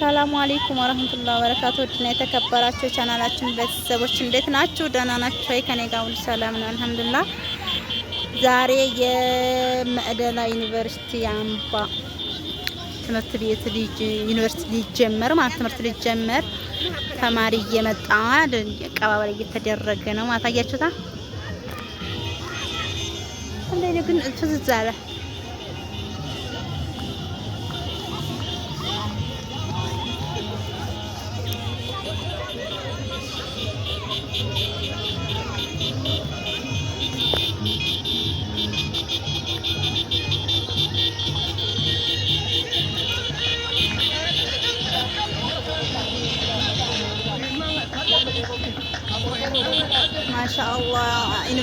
ሰላሙ አሌይኩም ወረህመቱላሂ ወበረካቱ ድና የተከበራችሁ ቻናላችን ቤተሰቦች እንዴት ናችሁ? ደህና ናችሁ ወይ? ከኔ ጋር ሁሉ ሰላም ነው አልሐምዱሊላህ። ዛሬ የመቅደላ ዩኒቨርሲቲ አምባ ትምህርት ቤት ልጅ ዩኒቨርሲቲ ሊጀመር ማለት ትምህርት ሊጀመር ተማሪ እየመጣ አቀባበል እየተደረገ ነው። ማታያችሁታ እንዴ ግን ፍዝዝ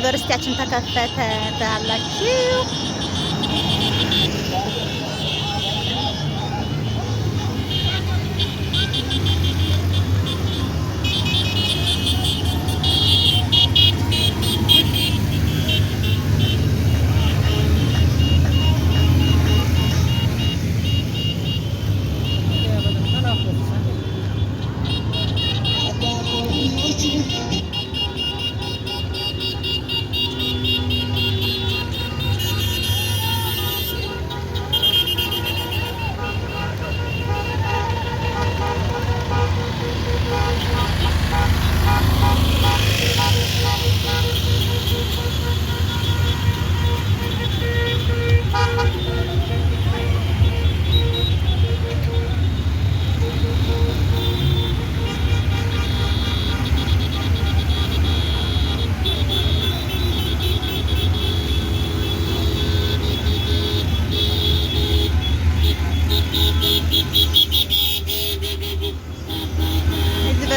ዩኒቨርሲቲያችን ተከፈተ ትላላችሁ።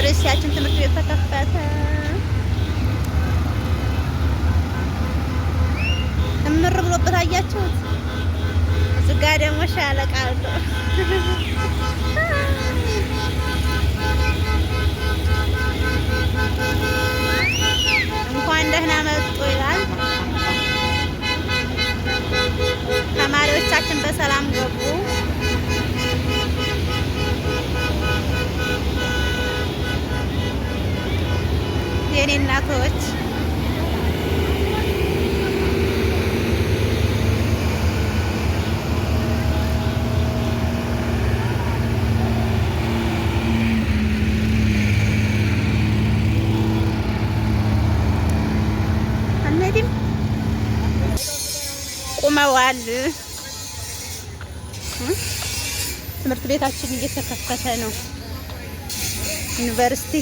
ዩኒቨርሲቲያችን ትምህርት ቤት ተከፈተ። እምር ብሎበት አያችሁት። እዚህ ጋ ደግሞ ሻለቃ አለው። የኔ እናቶች እነዚህም ቁመዋል። ትምህርት ቤታችን እየተከፈተ ነው ዩኒቨርሲቲ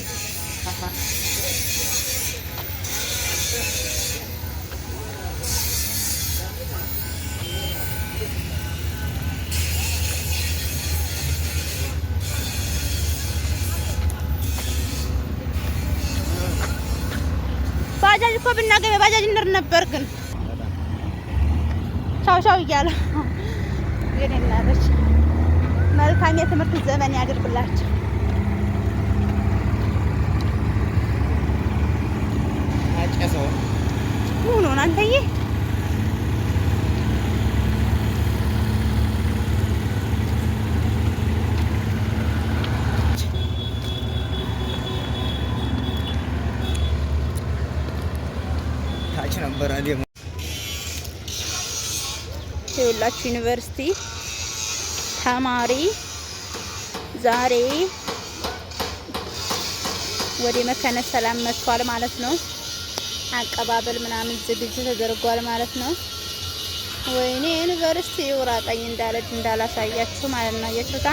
እኮ ብናገር በባጃጅ እንር ነበር። ግን ሻው ሻው እያለ መልካም የትምህርት ዘመን ያድርግላቸው። ሆኖ አንተዬ እያለች ይኸውላችሁ ዩኒቨርሲቲ ተማሪ ዛሬ ወደ መካነ ሰላም መጥቷል ማለት ነው። አቀባበል ምናምን ዝግጅት ተደርጓል ማለት ነው። ወይኔ ዩኒቨርሲቲ ውራጠኝ እንዳለች እንዳላሳያችሁ ማለት ነው። የቱታ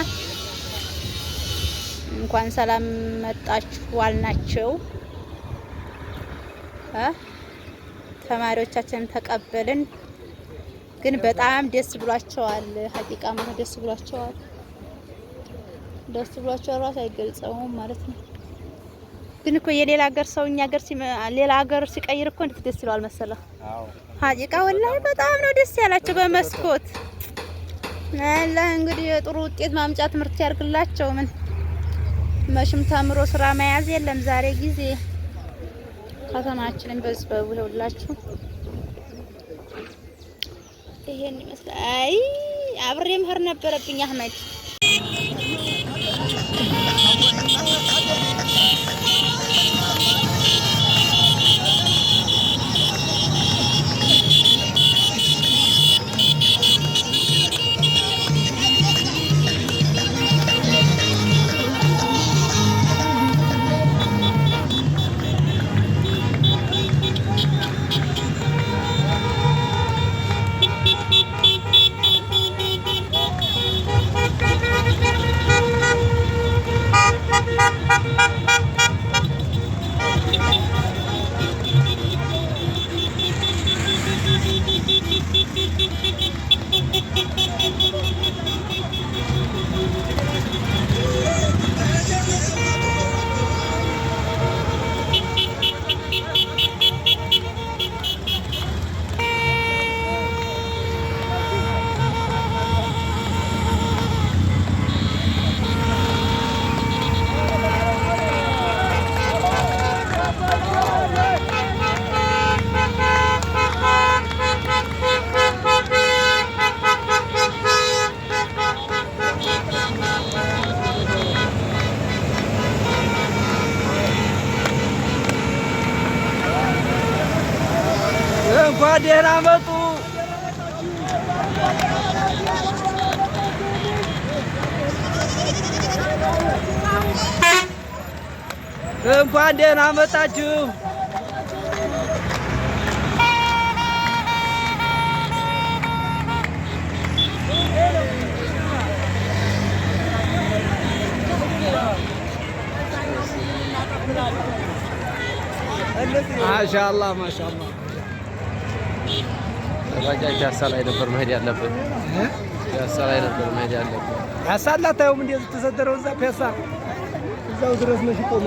እንኳን ሰላም መጣችሁ ዋልናቸው። ተማሪዎቻችንን ተቀበልን። ግን በጣም ደስ ብሏቸዋል። ሀቂቃ ማለት ደስ ብሏቸዋል። ደስ ብሏቸው ራሱ አይገልጸውም ማለት ነው። ግን እኮ የሌላ ሀገር ሰው እኛ ሀገር ሌላ ሀገር ሲቀይር እኮ እንዴት ደስ ይለዋል መሰለህ። ሀቂቃ ወላሂ በጣም ነው ደስ ያላቸው። በመስኮት አላ እንግዲህ የጥሩ ውጤት ማምጫ ትምህርት ያርግላቸው። ምን መሽም ተምሮ ስራ መያዝ የለም ዛሬ ጊዜ ከተማችንን በዚህ በውል ይሄን ይመስላል። አይ አብሬ መሄድ ነበረብኝ አህመድ Thank you. እንኳን ደህና መጡ። እንኳን ደህና መጣችሁ። ማሻአላህ ማሻአላህ ጠባቂያ ፒያሳ ላይ ነበር መሄድ ያለብን። ላይ ነበር መሄድ ያለብን። ፒያሳ አላታየውም እንዴ? ተሰደረው እዛ ፒያሳ እዛው ድረስ መሽ የሆነ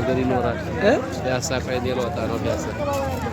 ነገር ይኖራል። ፒያሳ ቆይ ሌላ ወጣ ነው ያሳ።